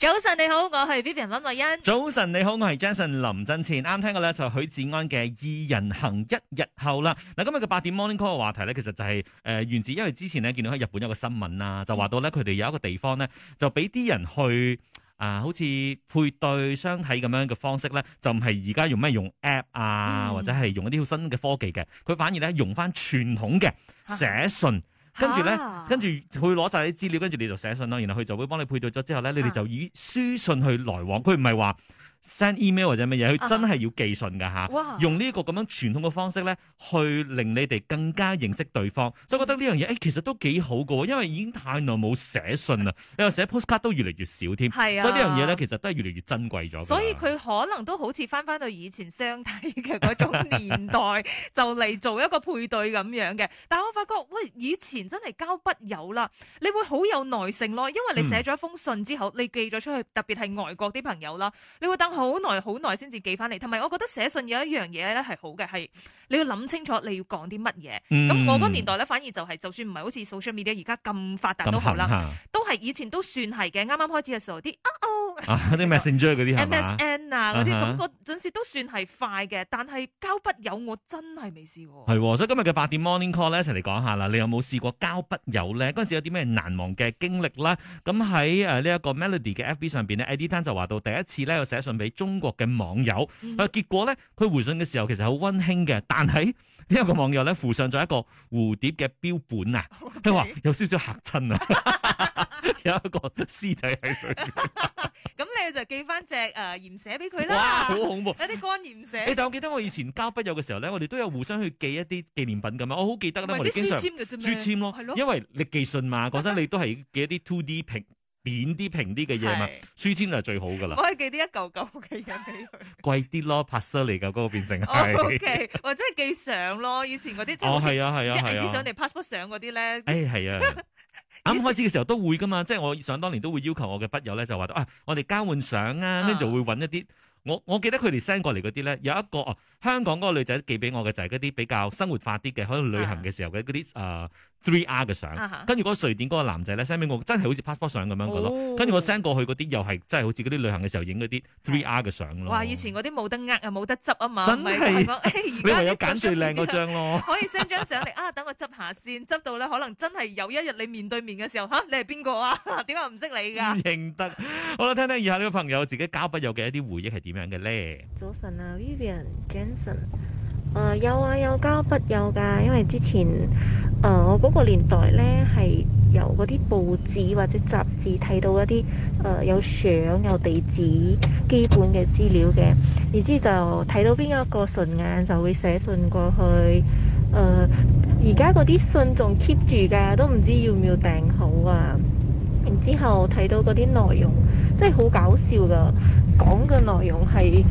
早晨你好，我係 Vivian 溫慧欣。早晨你好，我係 Jason 林振前。啱聽嘅咧就許志安嘅二人行一日後啦。嗱，今日嘅八點 Morning Call 嘅話題咧，其實就係誒源自，因為之前咧見到喺日本有個新聞啊，就話到咧佢哋有一個地方咧就俾啲人去啊、呃，好似配對箱體咁樣嘅方式咧，就唔係而家用咩用 app 啊，或者係用一啲好新嘅科技嘅，佢反而咧用翻傳統嘅寫信。啊跟住咧，跟住佢攞晒啲資料，跟住你就寫信咯。然後佢就會幫你配對咗之後咧，你哋就以書信去來往。佢唔係話。send email 或者乜嘢，佢真係要寄信噶吓哇，用呢個咁樣傳統嘅方式咧，去令你哋更加認識對方，所以覺得呢樣嘢誒，其實都幾好噶，因為已經太耐冇寫信啦，你話寫 postcard 都越嚟越少添，係啊、所以呢樣嘢咧其實都係越嚟越珍貴咗。所以佢可能都好似翻翻到以前相睇嘅嗰種年代， 就嚟做一個配對咁樣嘅。但係我發覺喂，以前真係交筆友啦，你會好有耐性咯，因為你寫咗一封信之後，你寄咗出去，特別係外國啲朋友啦，你會等。好耐好耐先至寄翻嚟，同埋我覺得寫信有一樣嘢咧係好嘅，係你要諗清楚你要講啲乜嘢。咁、嗯、我嗰個年代咧反而就係、是，就算唔係好似 social media 而家咁發達好、嗯、都好啦，都係以前都算係嘅。啱啱開始嘅時候啲啊哦啲、啊、 Messenger、啊、s n g e 嗰啲 MSN 啊嗰啲咁嗰陣時都算係快嘅，但係交筆友我真係未試過。係、哦，所以今日嘅八點 morning call 咧一齊嚟講下啦，你有冇試過交筆友咧？嗰陣時有啲咩難忘嘅經歷啦？咁喺呢一個 melody 嘅 FB 上面呢 Edith 就話到第一次咧要寫信。俾中國嘅網友，啊結果咧，佢回信嘅時候其實好温馨嘅，但係呢一個網友咧附上咗一個蝴蝶嘅標本啊，佢話 Okay 有少少吓親啊， 有一個屍體喺佢。咁你就寄翻隻誒鹽蛇俾佢啦，好恐怖，有啲乾鹽蛇、欸。但我記得我以前交筆友嘅時候咧，我哋都有互相去寄一啲紀念品噶嘛，我好記得啦，我哋經常書籤咯，係咯，因為你寄信嘛，講真你都係寄一啲 two D 片。扁啲平啲嘅嘢嘛，書籤就最好噶啦。我係寄啲一嚿嚿嘅嘢俾佢，貴啲咯，passport 嚟嘅嗰個變成係。O K，或者係寄相咯，以前嗰啲即係哦係啊係啊係上嚟 passport 相嗰啲咧。哎係啊，啱開始嘅時候都會噶嘛，即係我想當年都會要求我嘅筆友咧，就話啊，我哋交換相啊，跟住會揾一啲我我記得佢哋 send 過嚟嗰啲咧，有一個啊香港嗰個女仔寄俾我嘅就係嗰啲比較生活化啲嘅，可能旅行嘅時候嘅嗰啲啊。three R 嘅相，啊、哈跟住嗰個瑞典嗰個男仔咧 send 俾我，真係好似 passport 相咁樣嘅、哦、咯。跟住我 send 過去嗰啲又係真係好似嗰啲旅行嘅時候影嗰啲 three R 嘅相咯。哇！以前嗰啲冇得呃又冇得執啊嘛，真係的、哎、你唯有揀最靚嗰張咯，啊、可以 send 張相嚟啊！等我執下先，執到咧可能真係有一日你面對面嘅時候吓、啊，你係邊個啊？點解唔識你噶？唔認得。好啦，聽聽以下呢個朋友自己交筆友嘅一啲回憶係點樣嘅咧。早晨啊，Vivian Johnson，誒有啊有交筆友噶，因為之前。呃、我嗰個年代呢，係由嗰啲報紙或者雜誌睇到一啲、呃、有相有地址基本嘅資料嘅，然之就睇到邊一個順眼就會寫信過去。而家嗰啲信仲 keep 住㗎，都唔知要唔要訂好啊。然之後睇到嗰啲內容，真係好搞笑噶，講嘅內容係、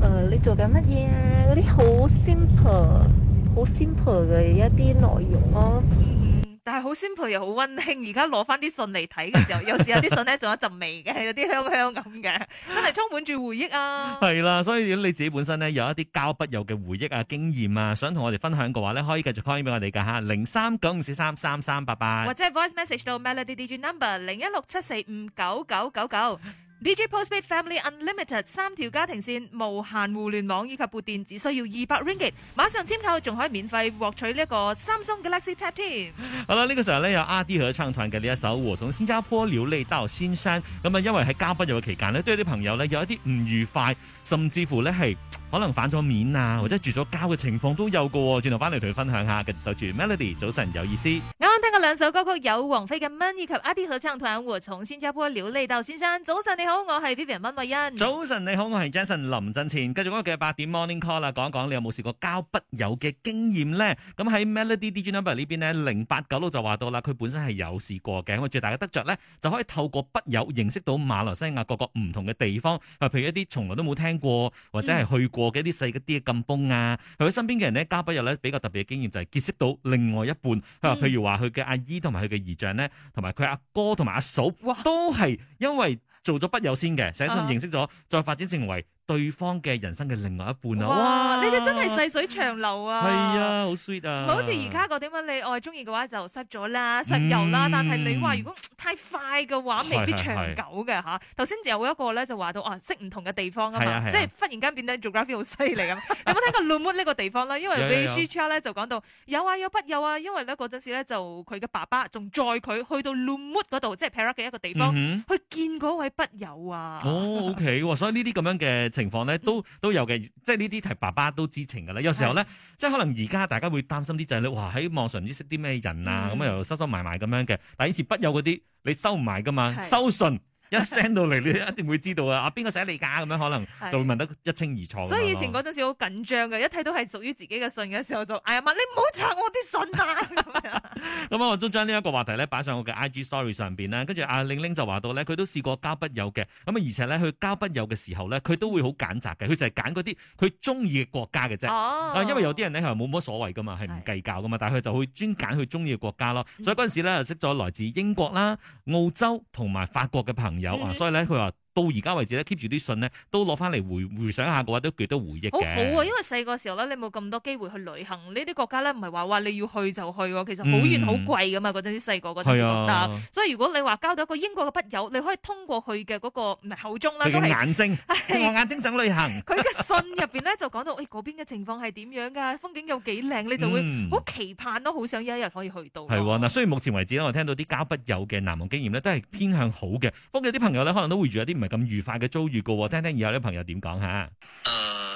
呃、你做緊乜嘢，嗰啲好 simple。好 simple 嘅一啲內容咯，啊嗯，但係好 simple 又好溫馨。而家攞翻啲信嚟睇嘅時候， 有時有啲信咧仲有陣味嘅，有啲香香咁嘅，真係充滿住回憶啊！係啦， 所以如果你自己本身咧有一啲交筆友嘅回憶啊、經驗啊，想同我哋分享嘅話咧，可以繼續 call 翻俾我哋噶吓，零三九五四三三三八八，或者係 voice message 到 Melody Digi Number 零一六七四五九九九九。D J Postpaid Family Unlimited 三條家庭線無限互聯網以及撥電只需要二百 Ringgit，馬上簽購仲可以免費獲取呢一個 Samsung Galaxy Tab 添。好啦，呢、呢個時候呢，有阿 D 合唱團嘅呢一首《我從新加坡流淚到新山》。咁啊，因為喺嘉賓入嘅期間呢，對啲朋友呢有一啲唔愉快，甚至乎呢係可能反咗面啊，或者住咗交嘅情況都有個。轉頭翻嚟同你分享一下，跟住守住 Melody 早晨有意思。啱啱聽過兩首歌曲有王菲嘅《Mon》以及阿 D 合唱團我從新加坡流淚到新山。早晨你好。好，我係 Vivian 溫慧欣。早晨，你好，我係 Jason 林振前。繼續我哋嘅八點 Morning Call 啦，講一講你有冇試過交筆友嘅經驗咧？咁喺 Melody Digital Number 邊呢邊咧，零八九六就話到啦，佢本身係有試過嘅。咁啊，最大嘅得着咧，就可以透過筆友認識到馬來西亞各個唔同嘅地方，啊，譬如一啲從來都冇聽過或者係去過嘅一啲細嘅啲甘榜啊。佢、嗯、身邊嘅人咧，交筆友咧比較特別嘅經驗就係結識到另外一半，嗯、譬如話佢嘅阿姨同埋佢嘅姨丈咧，同埋佢阿哥同埋阿嫂，哇都係因為。做咗筆友先嘅，寫信認識咗，再發展成為。對方嘅人生嘅另外一半啊！哇，你哋真係細水長流啊！係啊，好 sweet 啊！好似而家個點乜你愛中意嘅話就失咗啦，失友啦。但係你話如果太快嘅話，未必長久嘅吓。頭先有一個咧就話到啊，識唔同嘅地方啊嘛，即係忽然間變得做 geography 好犀利咁。有冇聽過 Lumut 呢個地方咧？因為你 Shirley 咧就講到有啊，有筆友啊，因為咧嗰陣時咧就佢嘅爸爸仲載佢去到 Lumut 嗰度，即係 Perak 嘅一個地方去見嗰位筆友啊。哦，OK，所以呢啲咁樣嘅。情況咧，都都有嘅，即係呢啲係爸爸都知情㗎啦。有時候咧，是的 即係可能而家大家會擔心啲就係你話喺網上唔知識啲咩人啊，咁又收收埋埋咁樣嘅。但以前筆友嗰啲你收唔埋噶嘛？收信。 一 send 到嚟，你一定會知道啊！啊，邊個寫你假咁樣，可能就會問得一清二楚。對所以以前嗰陣時好緊張嘅，一睇到係屬於自己嘅信嘅時候就，就哎呀，媽，你唔好拆我啲信啊！咁啊，我都將呢一個話題咧擺上我嘅 IG Story 上邊啦。跟住阿玲玲就話到咧，佢都試過交筆友嘅。咁啊，而且咧，佢交筆友嘅時候咧，佢都會好揀擇嘅。佢就係揀嗰啲佢中意嘅國家嘅啫。哦，啊，因為有啲人咧係冇乜所謂㗎嘛，係唔計較㗎嘛，是但係佢就會專揀佢中意嘅國家咯。所以嗰陣時咧，識咗來自英國啦、澳洲同埋法國嘅朋友。有、嗯、啊，所以咧佢話。到而家為止咧，keep 住啲信呢，都攞翻嚟回回想下嘅話，都幾多回憶嘅。好好啊，因為細個時候咧，你冇咁多機會去旅行呢啲國家咧，唔係話話你要去就去，其實好遠好貴噶嘛。嗰陣啲細個嗰陣時。所以如果你話交到一個英國嘅筆友，你可以通過佢嘅嗰個口中啦，都係眼睛，望是眼睛想旅行。佢嘅信入邊咧就講到，誒嗰邊嘅情況係點樣噶，風景有幾靚，你就會好期盼咯，好、嗯、想有一日可以去到。係嗱、啊，雖然目前為止我聽到啲交筆友嘅難忘經驗咧，都係偏向好嘅。不過有啲朋友可能都會住一啲。唔係咁愉快嘅遭遇噶，我聽聽以後啲朋友點講吓。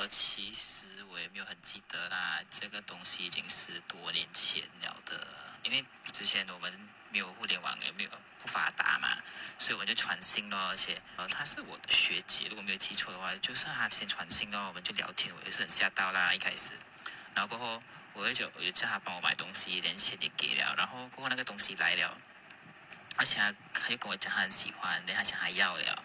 其實我也沒有很記得啦，這個東西已經十多年前了的，因為之前我們沒有互聯網，也沒有不發達嘛，所以我就傳信咯。而且，哦，他是我的學姐，如果沒有記錯的話，就算他先傳信咯，我們就聊天，我也是很嚇到啦一開始。然後過後，我就又叫他幫我買東西，連錢也給了。然後過後那個東西來了，而且他又跟我講，他很喜歡，而且他還要了。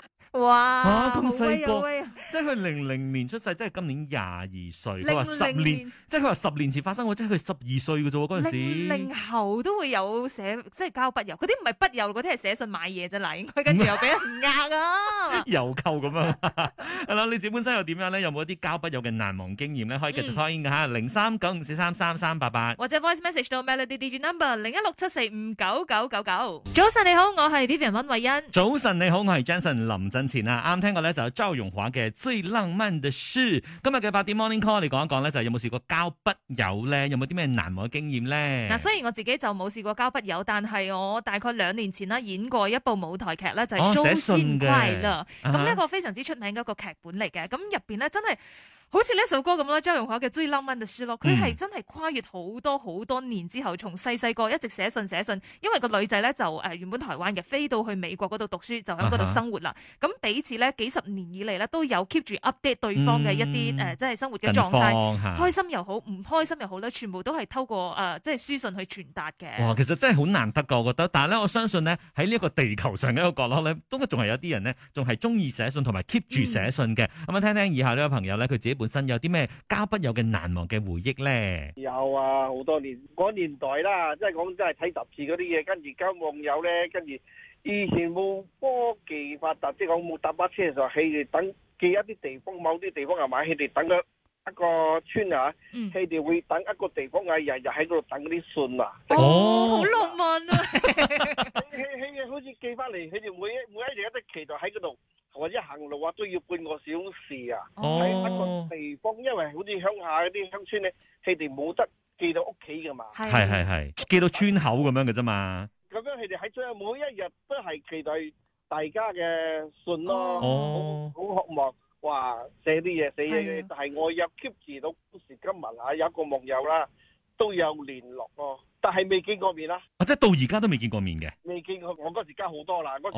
哇！咁細個，即係佢零零年出世，即係今年廿二歲。佢話十年，即係佢話十年前發生過，我即係佢十二歲嘅啫喎，嗰陣時。零零後都會有寫，即係交筆友。嗰啲唔係筆友，嗰啲係寫信買嘢啫嗱。應該跟住又俾人呃啊，郵購咁啊。係咯，你自己本身又點樣咧？有冇一啲交筆友嘅難忘經驗咧？可以繼續開音嘅吓，零三九五四三三三八八，或者 voice message 到 melody digital number 零一六七四五九九九九。早晨你好，我係 Vivian 溫慧欣。早晨你好，我係 Jason 林前啊，啱聽過咧，就趙詠華嘅《最浪漫的事》。今日嘅八點 Morning Call，你講一講咧，就有冇試過交筆友咧？有冇啲咩難忘嘅經驗咧？嗱，雖然我自己就冇試過交筆友，但係我大概兩年前啦演過一部舞台劇咧，就係、是《蘇仙歸》啦。咁呢怪、啊、哈個非常之出名嘅一個劇本嚟嘅，咁入邊咧真係。好似呢首歌咁啦，趙詠華嘅《最浪漫嘅事》咯，佢係真係跨越好多好多年之後，從細細個一直寫信寫信，因為個女仔咧就原本台灣嘅，飛到去美國嗰度讀書，就喺嗰度生活啦。咁、uh huh. 彼此咧幾十年以嚟咧都有 keep 住 update 對方嘅一啲誒，即係生活嘅狀態，um, 開心又好，唔開心又好咧，全部都係透過即係書信去傳達嘅。哇，其實真係好難得噶，我覺得。但係咧，我相信呢，喺呢一個地球上嘅一個角落咧，都仲係有啲人呢，仲係中意寫信同埋 keep 住寫信嘅。咁啊、uh，huh. 聽聽以下呢個朋友咧，佢自己。本身有啲咩交筆友嘅難忘嘅回憶咧？有啊，好多年嗰年代啦，即係講真係睇雜誌嗰啲嘢，跟住交網友咧，跟住以前冇科技發達，即係我冇搭巴士嘅時候，佢哋等寄一啲地方，某啲地方係咪？佢哋等咗一個村啊，佢哋會等一個地方嘅人，就喺嗰度等嗰啲信啊。哦，好浪漫啊！佢佢佢嘢好似寄翻嚟，佢哋每一每一日一直期待喺嗰度。或者行路啊都要半個小時啊，喺、哦、一個地方，因為好似鄉下嗰啲鄉村咧，佢哋冇得寄到屋企㗎嘛，係係係，寄到村口咁樣嘅啫嘛。咁樣佢哋喺最後每一日都係期待大家嘅信咯，好、哦、渴望話寫啲嘢寫嘢，是的但係我又 keep 住到今時今日啊，有一個網友啦。都有聯絡喎、啊，但係未見過面啦、啊。啊，即係到而家都未見過面嘅。未見過，我嗰時加好多啦。嗰時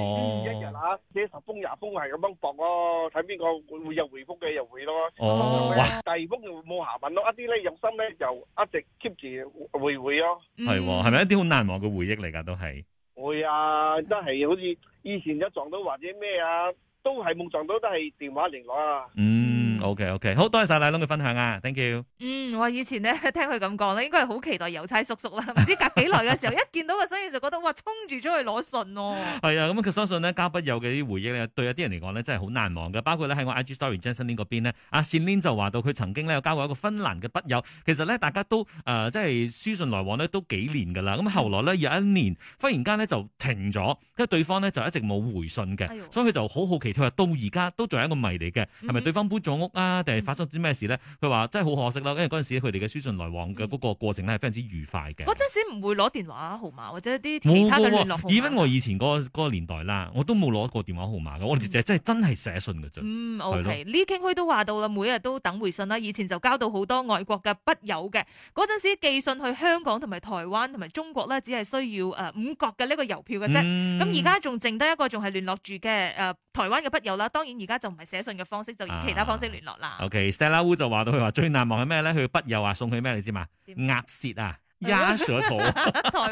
一日啊寫、哦、十封廿封係咁樣搏咯、啊，睇邊個會有回覆嘅又回咯。哦，有哇第二封又冇下文咯、啊。一啲咧有心咧就一直 keep 住回，回回咯。係喎、嗯，係咪一啲好難忘嘅回憶嚟㗎？都係。會啊，真係好似以前有撞到或者咩啊，都係冇撞到都係電話聯絡啊。嗯。O K O K，好多謝晒賴東嘅分享啊，Thank you。嗯，我以前咧聽佢咁講咧，應該係好期待郵差叔叔啦。唔知隔幾耐嘅時候， 一見到個身影就覺得哇，衝住咗去攞信哦。係啊，咁佢相信咧交筆友嘅啲回憶咧，對一啲人嚟講咧，真係好難忘嘅。包括咧喺我 I G Story Justinian 嗰邊咧，阿 j、啊、l i n i 就話到佢曾經咧有交過一個芬蘭嘅筆友，其實咧大家都誒即係書信來往咧都幾年噶啦。咁後來咧有一年忽然間咧就停咗，跟住對方咧就一直冇回信嘅，哎、呦所以佢就好好奇，佢話到而家都仲係一個謎嚟嘅，係咪對方搬咗屋？嗯啊！定係發生啲咩事咧？佢話、嗯、真係好可惜啦，因為嗰陣時佢哋嘅書信來往嘅嗰個過程咧係非常之愉快嘅。嗰陣時唔會攞電話號碼或者啲其他嘅聯絡號碼。以翻我以前嗰個年代啦，我都冇攞過電話號碼嘅，嗯、我哋就真係真係寫信嘅啫。嗯，OK，呢傾佢都話到啦，每日都等回信啦。以前就交到好多外國嘅筆友嘅。嗰陣時寄信去香港同埋台灣同埋中國咧，只係需要誒五角嘅呢個郵票嘅啫。咁而家仲剩得一個仲係聯絡住嘅誒台灣嘅筆友啦。當然而家就唔係寫信嘅方式，就以其他方式。聯啦。O、okay, K，Stella Wu 就話到佢話最難忘係咩咧？佢筆友話送佢咩？你知嘛？鴨舌啊。台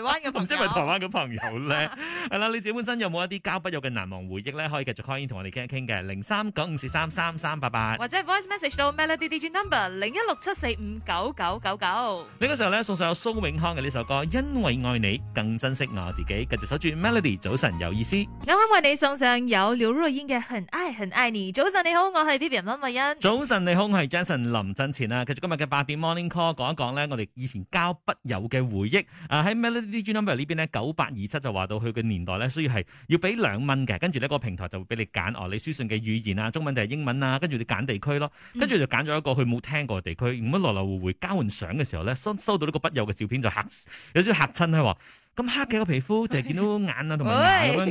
灣嘅圖，唔知係咪台灣嘅朋友咧？係啦，你自己本身有冇一啲交筆友嘅難忘回憶咧？可以繼續 call in 同我哋傾一傾嘅，零三九五四三三三八八，或者 voice message 到 Melody DJ Number 零一六七四五九九九九。呢個時候咧，送上有蘇永康嘅呢首歌《因為愛你更珍惜我自己》，繼續守住 Melody，早晨有意思。啱啱為你送上有劉若英嘅《很愛很愛你》，早晨你好，我係 B B M 麥麥欣。早晨你好，我係 Jason 林振前啊！繼續今日嘅八點 Morning Call，講一講咧，我哋以前交筆友。嘅回憶啊，喺 Melody G 呢邊九八二七就話到佢嘅年代咧，需要係要俾兩蚊嘅，跟住呢、呢個平台就會俾你揀哦，你書信嘅語言啊，中文定係英文啊，跟住你揀地區咯，跟住、嗯、就揀咗一個佢冇聽過嘅地區，咁樣來來回回交換相嘅時候呢，收收到呢個筆友嘅照片就嚇，有少少嚇親啦喎。 咁黑嘅個皮膚，就見 到眼啊同埋眼咁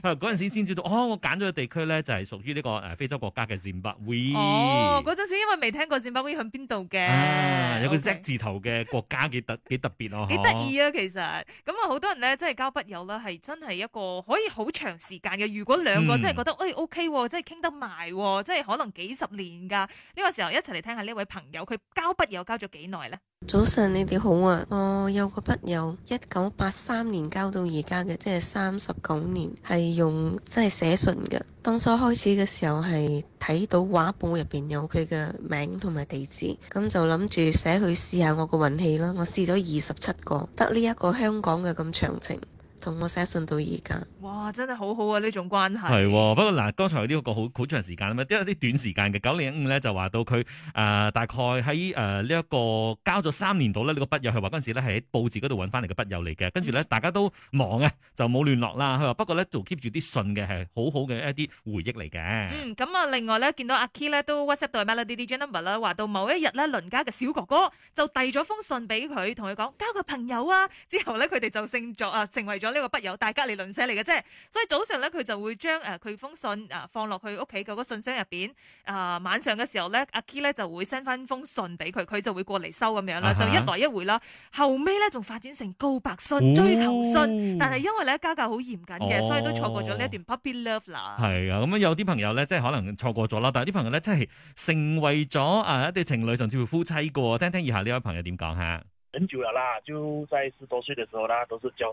嘅，嗰陣 時先知道哦，我揀咗個地區咧就係屬於呢個誒非洲國家嘅津巴布韋。哦，嗰陣時因為未聽過津巴布韋喺邊度嘅，有個 Z 字頭嘅國家幾 Okay 特幾特別哦。幾得意啊，其實咁啊，好多人咧真係交筆友啦，係真係一個可以好長時間嘅。如果兩個真係覺得喂、嗯哎、OK，即係傾得埋，即係可能幾十年噶呢、這個時候一齊嚟聽下呢位朋友，佢交筆友交咗幾耐咧？早晨，你哋好啊！我有個筆友，一九八三年交到而家嘅，即係三十九年，係用即係寫信嘅。當初開始嘅時候係睇到畫報入面有佢嘅名同埋地址，咁就諗住寫去試下我個運氣啦。我試咗二十七個，得呢一個香港嘅咁長情。同我寫信到而家，哇！真係好好啊呢種關係。係、哦，不過嗱，剛才呢一個好好長時間啊嘛，都有啲短時間嘅。九零五咧就話到佢誒、呃、大概喺誒呢一個交咗三年度、這個、呢。呢個筆友，佢話嗰陣時咧係喺報紙嗰度揾翻嚟嘅筆友嚟嘅。跟住咧大家都忙啊，就冇聯絡啦。佢話不過咧就 keep 住啲信嘅，係好好嘅一啲回憶嚟嘅。嗯，咁啊，另外咧見到阿 Key 咧都 WhatsApp 到 Melody 嘅 number 啦，話到某一日咧，鄰家嘅小哥哥就遞咗封信俾佢，同佢講交個朋友啊。之後咧佢哋就成咗啊，成為咗。呢個不由大家理論寫嚟嘅啫。所以早上咧佢就會將誒佢封信啊放落去屋企嗰個信箱入邊啊，晚上嘅時候咧阿 Key 咧就會 send 翻封信俾佢，佢就會過嚟收咁樣啦，啊、哈就一來一回啦。後尾咧仲發展成告白信、哦、追求信，但係因為咧家教好嚴謹嘅，哦、所以都錯過咗呢一段 puppy love 啦。係啊，咁、嗯、樣有啲朋友咧即係可能錯過咗啦，但係啲朋友咧即係成為咗啊一對情侶甚至乎夫妻過。我聽聽以下呢位朋友點講吓，很久了啦，就在十多歲嘅時候啦，都是叫。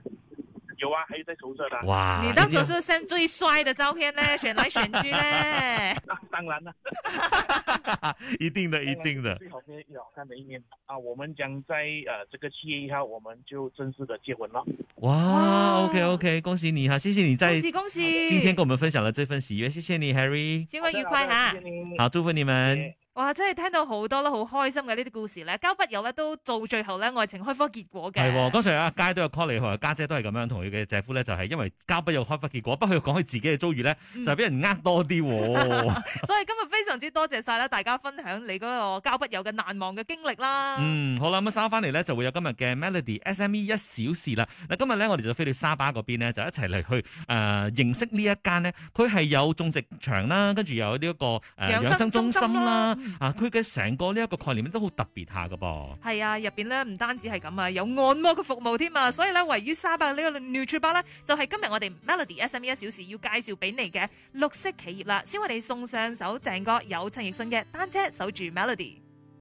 有啊，還有在投射的。哇！你當時是選最帥的照片呢，選來選去呢。那當然了，一定的，一定的。最好看、最好看的一面啊！我們將在呃這個七月一號，我們就正式的結婚了。哇！OK OK，恭喜你哈，謝謝你再恭喜恭喜今天跟我們分享了這份喜悦，謝謝你 Harry，新婚愉快哈，謝謝您，好祝福你們。哇！真係聽到好多啦，好開心嘅呢啲故事咧。交筆友咧都到最後咧，愛情開花結果嘅。係、哦，嗰時阿佳都有 call 你好，家姐都係咁樣同佢嘅姐夫咧，就係、是、因為交筆友開花結果。不過佢講佢自己嘅遭遇咧，就係、是、俾人呃多啲、哦。 所以今日非常之多謝晒啦，大家分享你嗰個交筆友嘅難忘嘅經歷啦。嗯，好啦，咁啊收翻嚟咧就會有今日嘅 Melody SME 一小時啦。嗱，今日咧我哋就飛到沙巴嗰邊咧，就一齊嚟去誒、呃、認識呢一間呢佢係有種植場啦，跟住又有呢、這、一個、呃、養生中心啦。啊！佢嘅成個呢一個概念都好特別下噶噃，係啊，入邊咧唔單止係咁啊，有按摩嘅服務添啊，所以咧位於沙巴呢個綠處吧咧，就係今日我哋 Melody SME 一小時要介紹俾你嘅綠色企業啦。先為你送上首鄭哥有陳奕迅嘅單車守住 Melody。